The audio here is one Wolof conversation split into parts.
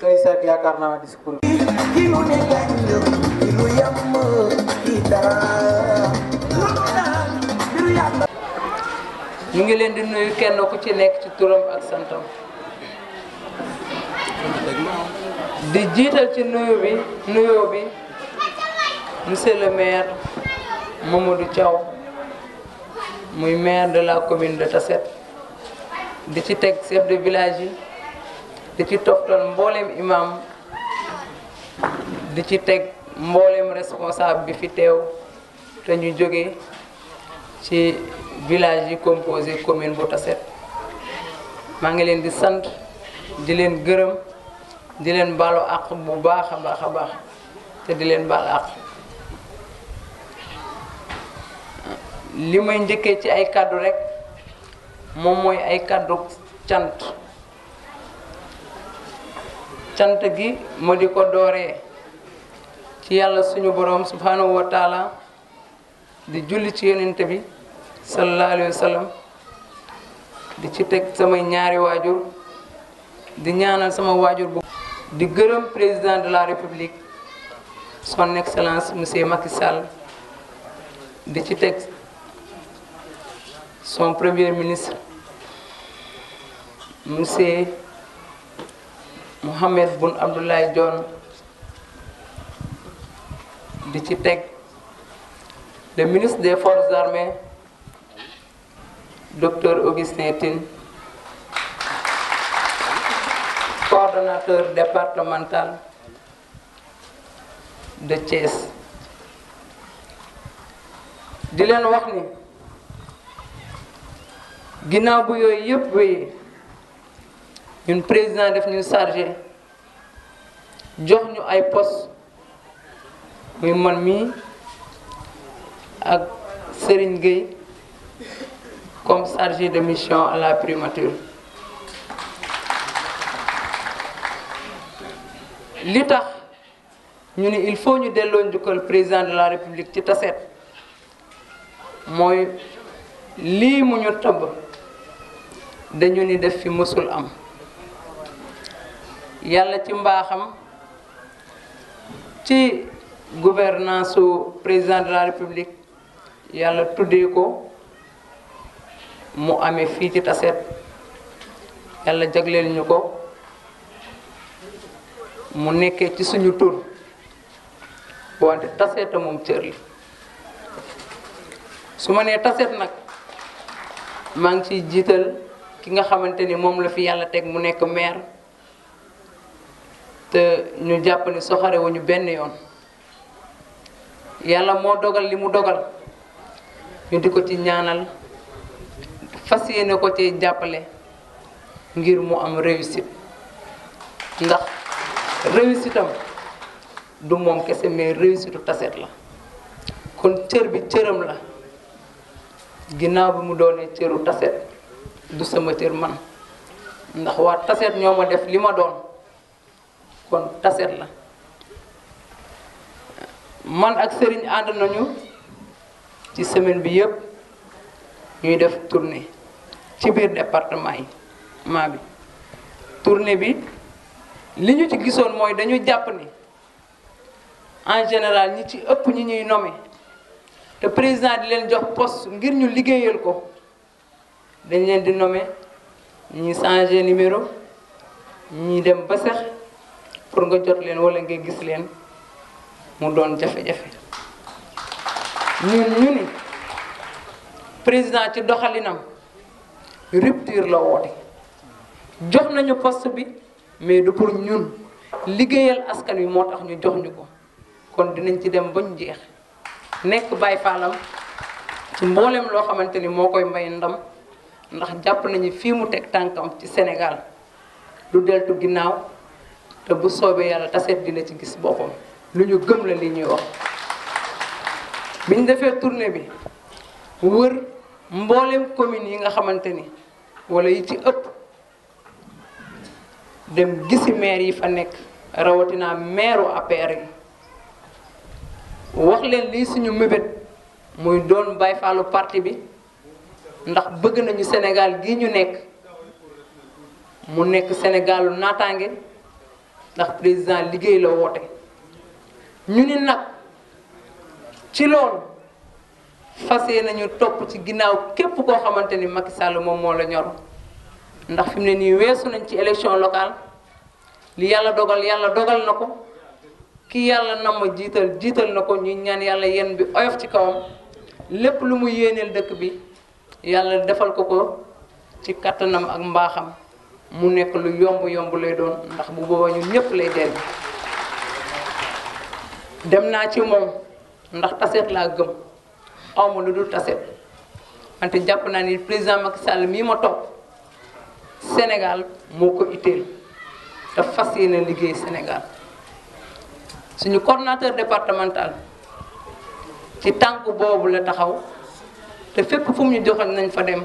sooy seet yaakaar naa discours ñu ngi leen di nuyu kenn ku ci nekk ci turam ak santam di jiital ci nuyu bi nuyoo bi monsieur le maire Mamadou Thiaw muy maire de la commune de Tassette di ci teg chef de village yi di ci toftal mboolem imam di ci teg mboolem responsable bi fi teew te ñu jóge ci village yi composé commune bu taset maa ngi leen di sant di leen gërëm di leen baalu àqu bu baax a baax a baax te di leen baal àq li may njëkkee ci ay kàddu rek moom mooy ay kàddu cant cant gi moo di ko dooree ci yàlla suñu borom subhanahu wa di julli ci yonent bi sallallahu alayhi di ci teg samay ñaari waajur di ñaanal sama waajur bu di gërëm président de la république son excellence monsieur Macky Sall di ci teg son premier ministre monsieur Mohamed Bun Abdoulaye John di ci teg le ministre des forces armées docteur Augustin Tine coordonnateur départemental de Thiès di leen wax ni ginnaaw bu yooyu yëpp wéyee ñun président def ñu chargé jox ñu ay poste muy man mii ak Serigne Gueye comme chargé de mission à la primature li tax ñu ni il faut ñu delloo njukkal président de la république ci taseet mooy lii mu ñu tabb dañu ni def fi mësul am yàlla ci mbaaxam ci gouvernance su président de la république yàlla tuddee ko mu amee fii ci taset yàlla jagleel ñu ko mu nekkee ci suñu tur wante taset moom cër su ma nee taset nag maa ngi ciy jiital ki nga xamante ni moom la fi yàlla teg mu nekk maire te ñu jàppale ni soxare wu ñu benn yoon yàlla moo dogal li mu dogal ñu di ko ci ñaanal fas yéene ko ci jàppale ngir mu am réussite ndax réussite du moom kese mais réussite taset la kon cër bi cëram la ginnaaw bi mu doonee cëru taset du sama cër man ndax waa taset ñoo ma def li ma doon kon taset la man ak sëriñ ànd nañu ci semaine bi yëpp ñuy def tournée ci biir département yi maa bi tournée bi li ñu ci gisoon mooy dañu jàpp ni en général ñi ci ëpp ñi ñuy nome te président di leen jox poste ngir ñu liggéeyal ko dañ leen di nommé ñi changé numéro ñi dem ba sex pour nga jot leen wala nga gis leen mu doon jafe-jafe ñun ñu ni président ci doxalinam rupture la woote jox nañu poste bi mais du pour ñun liggéeyal askan wi moo tax ñu jox ñu ko kon dinañ ci dem bañ jeex nekk bàyyi faalam ci mboolem loo xamante ni moo koy may ndam ndax jàpp nañu fii mu teg tànkam ci Sénégal du deltu ginnaaw te bu soobee yàlla taseet dina ci gis boppam lu ñu gëm la li ñuy wax biñ defee tournée bi wër mboolem communes yi nga xamante ni walla yi ci ëpp dem gisi maire yi fa nekk rawatina maire u yi wax leen lii suñu mébét muy doon bay falu parti bi ndax bëgg nañu senegaal gii ñu nekk mu nekk Sénégalu naataange ndax président liggéey la woote ñu ni nag ci loolu fase nañu topp ci ginnaaw képp koo xamante ni Macky sàll moom moo la ñor ndax fi mu ne nii weesu nañ ci élection local li yàlla dogal yàlla dogal na ko ki yàlla na ma jiital jiital na ko ñu ñaan yàlla yenn bi oyof ci kawam lépp lu mu yéeneel dëkk bi yàlla defal ko ko ci kattanam ak mbaaxam mu nekk lu yomb yomb lay doon ndax bu boobaa ñun ñëpp lay dellu dem naa ci moom ndax taseet laa gëm awma lu dul taseet wante jàpp naa ni président Macky Sall mii ma topp Sénégal moo ko itteel te fas yéene liggéey Sénégal suñu cordinateur départemental ci tànk boobu la taxaw te fépp fu mu ñu joxoon nañ fa dem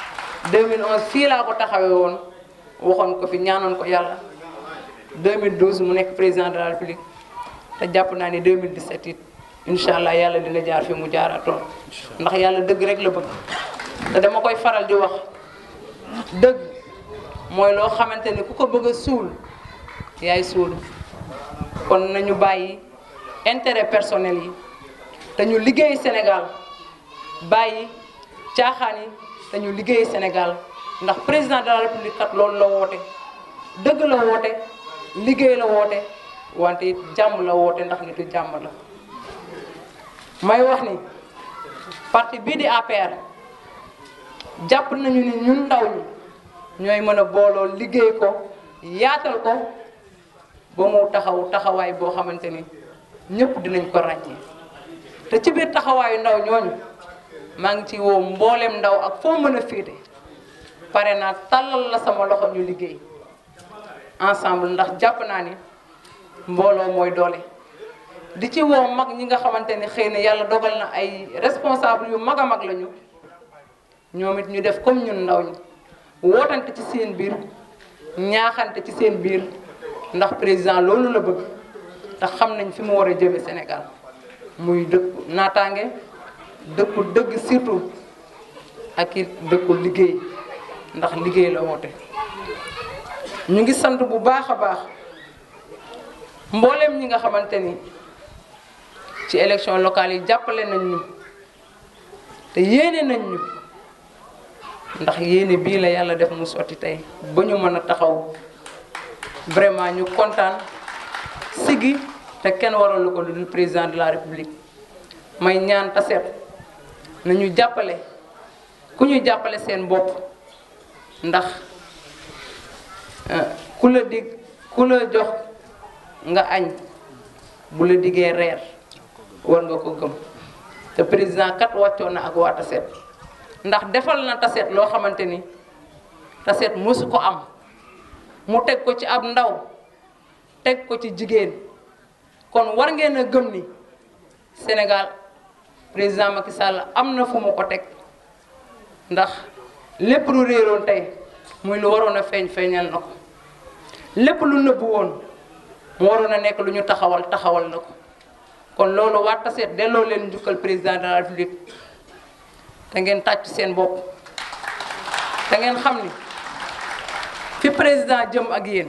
deux 2011 fii laa ko taxawee woon waxoon ko fi ñaanoon ko yàlla 2012 mu nekk président de la république te jàpp naa ne 2017 it incha allah yàlla dina jaar fi mu jaaratoon ndax yàlla dëgg rek la bëgg te dama koy faral di wax dëgg mooy loo xamante ni ku ko bëgg a suul yaay suulu kon nañu bàyyi intérêt personnel yi te ñu liggéey Sénégal bàyyi caaxaan yi. dañu liggéey Sénégal ndax président de la république kat loolu la woote dëgg la woote liggéey la woote wante it jàmm la woote ndax nitu jàmm la may wax ni parti bii di APR jàpp nañu ni ñun ndaw ñi ñooy mën a booloo liggéey ko yaatal ko ba mu taxaw taxawaay boo xamante ni ñëpp dinañ ko ràññee te ci biir taxawaayu ndaw ñooñu maa ngi ci woo mboolem ndaw ak foo mën a féete pare naa tàllal la sama loxo ñu liggéey ensemble ndax jàpp naa ni mbooloo mooy doole di ci woo mag ñi nga xamante ni xëy na yàlla dogal na ay responsable yu mag a mag lañu ñoom it ñu def comme ñun ndaw ñi wootante ci seen biir ñaaxante ci seen biir ndax président loolu la bëgg ndax xam nañ fi mu war a jëme Sénégal muy dëkk naataange dëkkul dëgg surtout ak it dëkkul liggéey ndax liggéey la woote ñu ngi sant bu baax a baax mbooleem ñi nga xamante ni ci élection locale yi jàppale nañ ñu te yéene nañ ñu ndax yéene bii la yàlla def mu sotti tey ba ñu mën a taxaw vraiment ñu kontaan sigi te kenn waralu ko lu dul président de la république may ñaan taseet nañu jàppale ku ñu jàppale seen bopp ndax euh, ku la dig ku la jox nga añ bu la diggee reer war nga ko gëm te président kat wàccoon na ak waa taseet ndax defal na taset loo xamante ni taseet mosu ko am mu teg ko ci ab ndaw teg ko ci jigéen kon war ngeen a gëm ni Sénégal président Macky Sall am na fu mu ko teg ndax lépp lu réeroon tey muy lu waroon a feeñ feeñal na ko lépp lu nëbbu woon mu waroon a nekk lu ñu taxawal taxawal na ko kon loolu waa Tassette delloo leen njukkal président de la république te ngeen tàcc seen bopp te ngeen xam ni fi président jëm ak yéen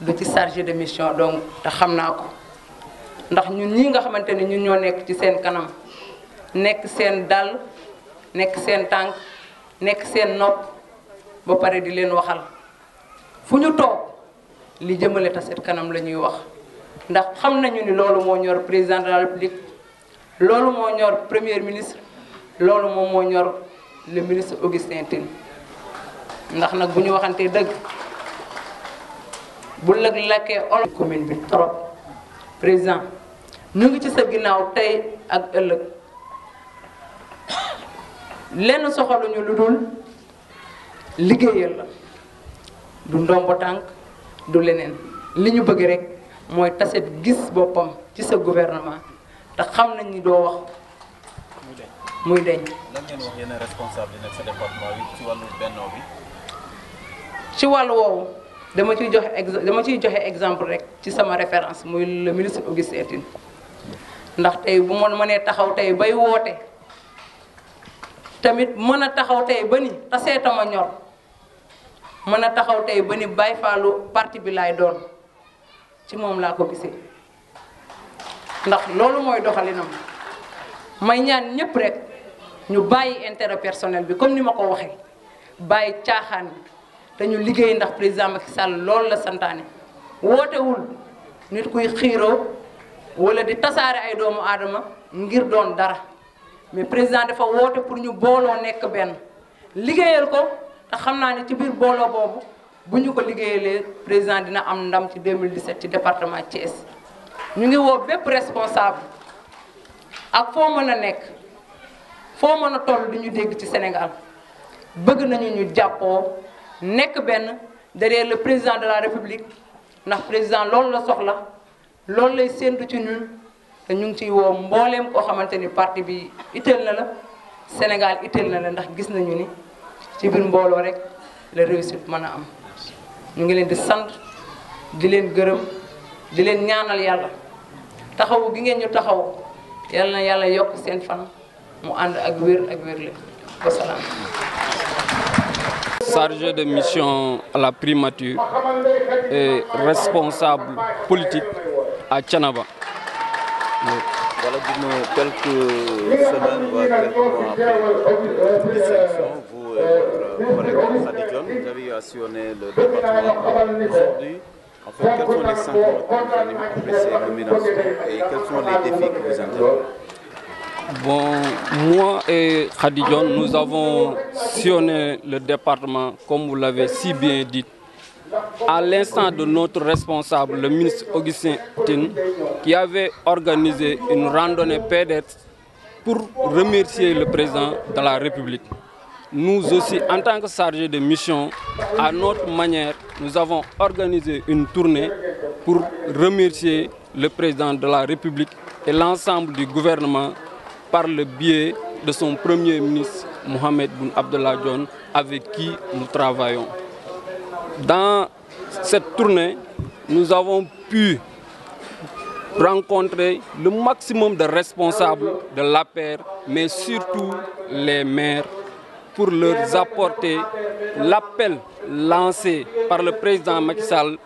du ci chargé de mission donc te xam naa ko. ndax ñun ñi nga xamanteni ñun ñoo nekk ci seen kanam nekk seen dal nekk seen tànk nekk seen nopp ba pare di leen waxal fu ñu toog li jëmale taset kanam la ñuy wax ndax xam nañu ni loolu moo ñor président de la république loolu moo ñor premier ministre loolu moom moo ñor le ministre Augustin tin ndax nag bu ñu waxantee dëgg bu lëg lakkee commune bi trop président ñu ngi ci sa ginnaaw tey ak ëllëg lenn soxaluñu lu dul liggéeyal la du ndombo tànk du leneen li ñu bëgg rekk mooy taset gis boppam ci sa gouvernement te xam nañ ni doo wax muy deñ lan ngeen ci wàllu woowu dama ciy joxe exe dama ciy joxe exemple rek ci sama référence muy le ministre Augustin Tine ndax tey bu ma mënee taxaw tey bay woote tamit mën a taxaw tey ba ni taseetama ñor mën a taxaw tey ba ni bay faalu parti bi laay doon ci moom laa ko gisee ndax loolu mooy doxalinam may ñaan ñëpp rek ñu bàyyi intérêt personnel bi comme ni ma ko waxee bàyyi caaxaan bi te ñu liggéey ndax président Macky Sall loolu la santaane wootewul nit kuy xiiroo wala di tasaare ay doomu aadama ngir doon dara mais président dafa woote pour ñu booloo nekk benn liggéeyal ko te xam naa ne ci biir booloo boobu bu ñu ko liggéeyalee président dina am ndam ci 2017 ci département Thiès ñu ngi woo bépp responsable ak foo mën a nekk foo mën a toll di ñu dégg ci Sénégal bëgg nañu ñu jàppoo nekk benn derrière le président de la république ndax président loolu la soxla loolu lay séentu ci ñun te ñu ngi ciy woo mbooleem koo xamante ni parti bi itteel na la Sénégal itteel na la ndax gis nañu ni ci biir mbooloo rek la réussite mën a am ñu ngi leen di sant di leen gërëm di leen ñaanal yàlla taxawu gi ngeen ñu taxaw yàlla na yàlla yokk seen fan mu ànd ak wér ak wér leen wasalaam chargé de mission à la primature et responsable politique à Tchanaba. Voilà, nous quelques semaines, quelques mois après les élections, vous, euh, votre collègue John, vous avez assuré le département aujourd'hui. En fait, quels sont les cinq que vous allez nominations et quels sont les défis que vous entendez Bon, moi et Khadijon, nous avons sillonné le département, comme vous l'avez si bien dit. À l'instant de notre responsable, le ministre Augustin Tin, qui avait organisé une randonnée pédestre pour remercier le président de la République. Nous aussi, en tant que chargés de mission, à notre manière, nous avons organisé une tournée pour remercier le président de la République et l'ensemble du gouvernement par le biais de son Premier ministre Mohamed Boun Abdallah John, avec qui nous travaillons. Dans cette tournée, nous avons pu rencontrer le maximum de responsables de l'APER, mais surtout les maires, pour leur apporter l'appel lancé par le président Macky Sall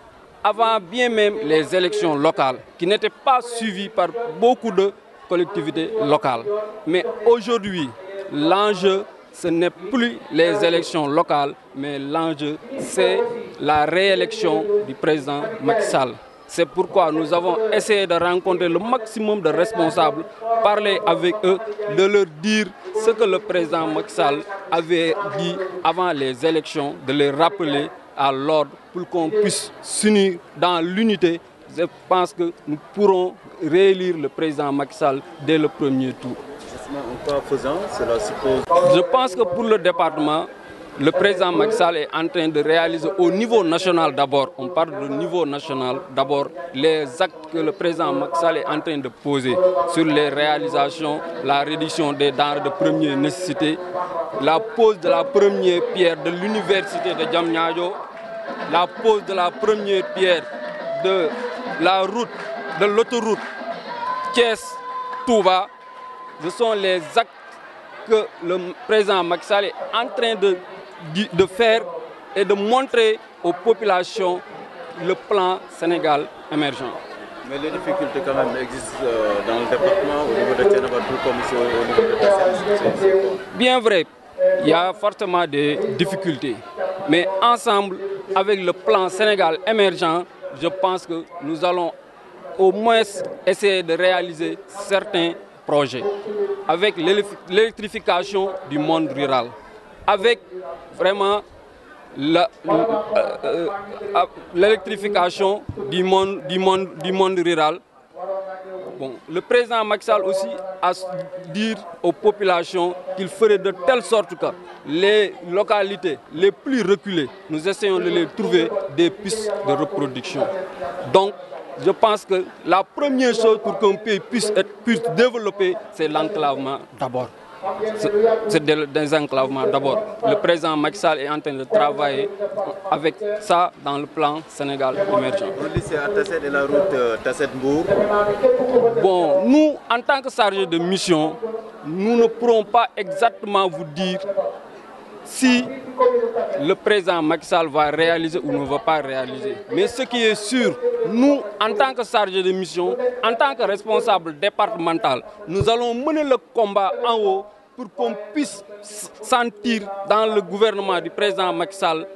avant bien même les élections locales, qui n'étaient pas suivies par beaucoup de collectivités locales. Mais aujourd'hui, l'enjeu, ce n'est plus les élections locales, mais l'enjeu, c'est la réélection du président Macky C'est pourquoi nous avons essayé de rencontrer le maximum de responsables, parler avec eux, de leur dire ce que le président Macky avait dit avant les élections, de les rappeler à l'ordre pour qu'on puisse s'unir dans l'unité je pense que nous pourrons réélire le président Macky dès le premier tour. Je pense que pour le département, le président Maxal est en train de réaliser au niveau national d'abord, on parle de niveau national d'abord, les actes que le président Maxal est en train de poser sur les réalisations, la réduction des denrées de première nécessité, la pose de la première pierre de l'université de Djamnyadjo, la pose de la première pierre de la route de l'autoroute Thiès-Touba, ce sont les actes que le président Sall est en train de, faire et de montrer aux populations le plan Sénégal émergent. Mais les difficultés quand même existent euh, dans le département au niveau de Tienabadou comme au niveau de Bien vrai, il y a fortement des difficultés. Mais ensemble, avec le plan Sénégal émergent, je pense que nous allons au moins essayer de réaliser certains projets avec l'électrification du monde rural, avec vraiment euh, euh, euh, l'électrification du monde, du, monde, du monde rural le président Macky Sall aussi a dit aux populations qu'il ferait de telle sorte que les localités les plus reculées, nous essayons de les trouver des pistes de reproduction. Donc, je pense que la première chose pour qu'un pays puisse être plus développé, c'est l'enclavement d'abord c'est des enclavements d'abord. Le président Maxal Sall est en train de travailler avec ça dans le plan Sénégal émergent. Euh, bon, nous, en tant que chargé de mission, nous ne pourrons pas exactement vous dire si le président Macky Sall va réaliser ou ne va pas réaliser. Mais ce qui est sûr, nous, en tant que chargé de mission, en tant que responsable départemental, nous allons mener le combat en haut pour qu'on puisse sentir dans le gouvernement du président Macky Sall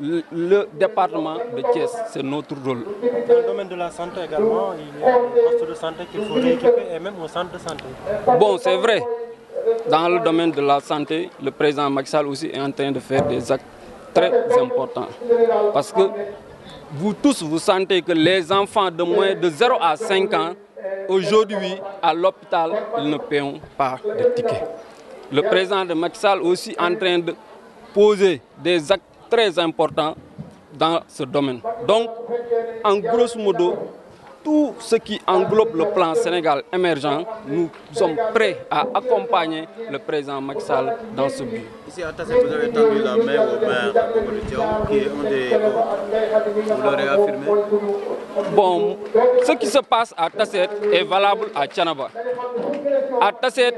le, département de Thiès, c'est notre rôle. Dans le domaine de la santé également, il y a des postes de santé qu'il faut rééquiper et même au centre de santé. Bon, c'est vrai, dans le domaine de la santé, le président Maxal aussi est en train de faire des actes très importants. Parce que vous tous, vous sentez que les enfants de moins de 0 à 5 ans, aujourd'hui, à l'hôpital, ils ne paient pas de tickets. Le président de Maxal aussi en train de poser des actes très importants dans ce domaine. Donc, en grosso modo, tout ce qui englobe le plan Sénégal émergent, nous sommes prêts à accompagner le président Macky Sall dans ce but. Ici à Tasset, vous avez tendu la main au maire qui est un des Vous l'aurez affirmé Bon, ce qui se passe à Tasset est valable à Tchanaba. À Tasset,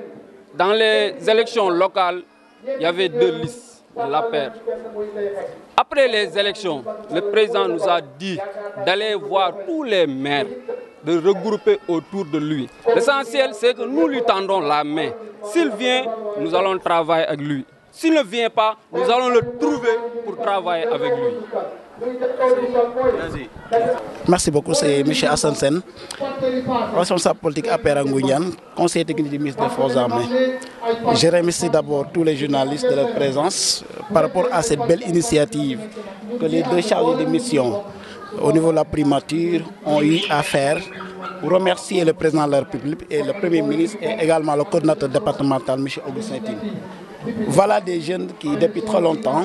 dans les élections locales, il y avait deux listes de la paire. Après les élections, le président nous a dit d'aller voir tous les maires, de regrouper autour de lui. L'essentiel, c'est que nous lui tendons la main. S'il vient, nous allons travailler avec lui. S'il ne vient pas, nous allons le trouver pour travailler avec lui. Merci beaucoup, c'est M. Hassan responsable politique à Pérangounian, conseiller technique du ministre des Forces armées. Je remercie d'abord tous les journalistes de leur présence par rapport à cette belle initiative que les deux chargés de mission au niveau de la primature ont eu à faire remercier le président de la République et le Premier ministre et également le coordinateur départemental, M. Augustin voilà des jeunes qui, depuis trop longtemps,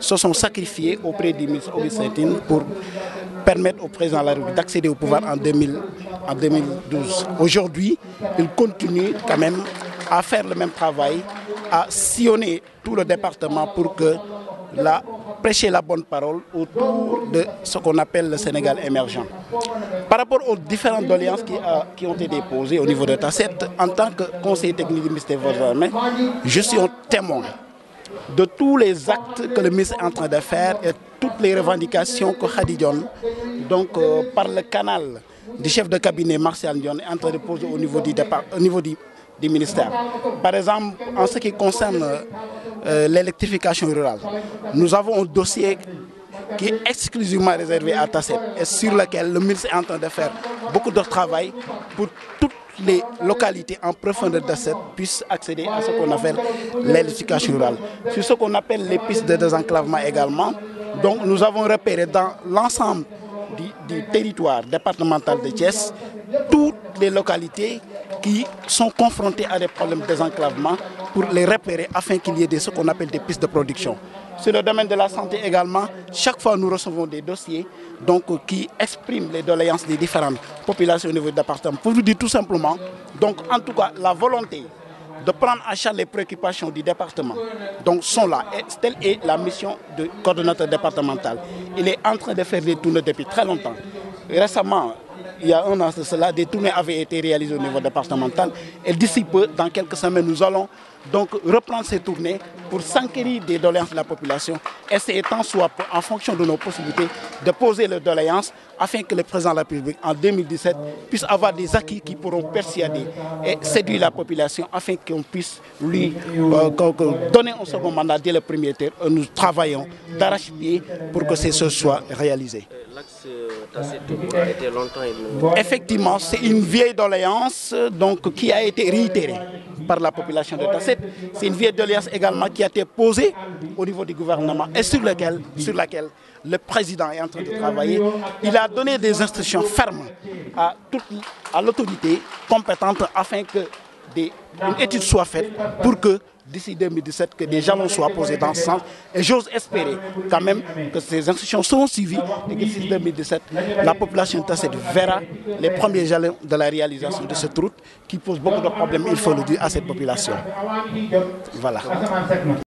se sont sacrifiés auprès du ministre Obisantin pour permettre au président de la République d'accéder au pouvoir en, en 2012. Aujourd'hui, ils continuent quand même à faire le même travail, à sillonner tout le département pour que la prêcher la bonne parole autour de ce qu'on appelle le Sénégal émergent. Par rapport aux différentes doléances qui, euh, ont été déposées au niveau de TACET, en tant que conseiller technique du ministère des Armées, je suis un témoin de tous les actes que le ministre est en train de faire et toutes les revendications que Khadidion, donc euh, par le canal du chef de cabinet Marcel Dion, est en train de poser au niveau du, départ, au niveau du du ministère. Par exemple, en ce qui concerne euh, l'électrification rurale, nous avons un dossier qui est exclusivement réservé à Tasset et sur lequel le ministre est en train de faire beaucoup de travail pour toutes les localités en profondeur de d'asset puissent accéder à ce qu'on appelle l'électrification rurale. Sur ce qu'on appelle les pistes de désenclavement également, donc nous avons repéré dans l'ensemble du, territoire départemental de Thiès toutes les localités qui sont confrontés à des problèmes de désenclavement pour les repérer afin qu'il y ait ce qu'on appelle des pistes de production. Sur le domaine de la santé également, chaque fois nous recevons des dossiers donc, euh, qui expriment les doléances des différentes populations au niveau du département. Pour vous dire tout simplement, donc en tout cas la volonté de prendre en charge les préoccupations du département. Donc sont là. Et est la mission du coordonnateur départemental. Il est en train de faire des tournées depuis très longtemps. Récemment, il y a un an de cela, des tournées avaient été réalisées au niveau départemental. Et d'ici peu, dans quelques semaines, nous allons donc reprendre ces tournées pour s'enquérir des doléances de la population, et tant soit en fonction de nos possibilités de poser les doléances afin que le président de la République en 2017 puisse avoir des acquis qui pourront persuader et séduire la population afin qu'on puisse lui euh, donner un second mandat dès le premier terme. Nous travaillons d'arrache-pied pour que ce soit réalisé. L'axe longtemps... Effectivement, c'est une vieille doléance donc, qui a été réitérée par la population de Tasset. C'est une vieille doléance également qui a été posée au niveau du gouvernement et sur laquelle, sur laquelle le président est en train de travailler. Il a donné des instructions fermes à, à l'autorité compétente afin que des, une étude soit faite pour que d'ici 2017 que des jalons soient posés dans le sens. Et j'ose espérer quand même que ces institutions seront suivies et que d'ici 2017, la population Tasset verra les premiers jalons de la réalisation de cette route qui pose beaucoup de problèmes, il faut le dire, à cette population. Voilà.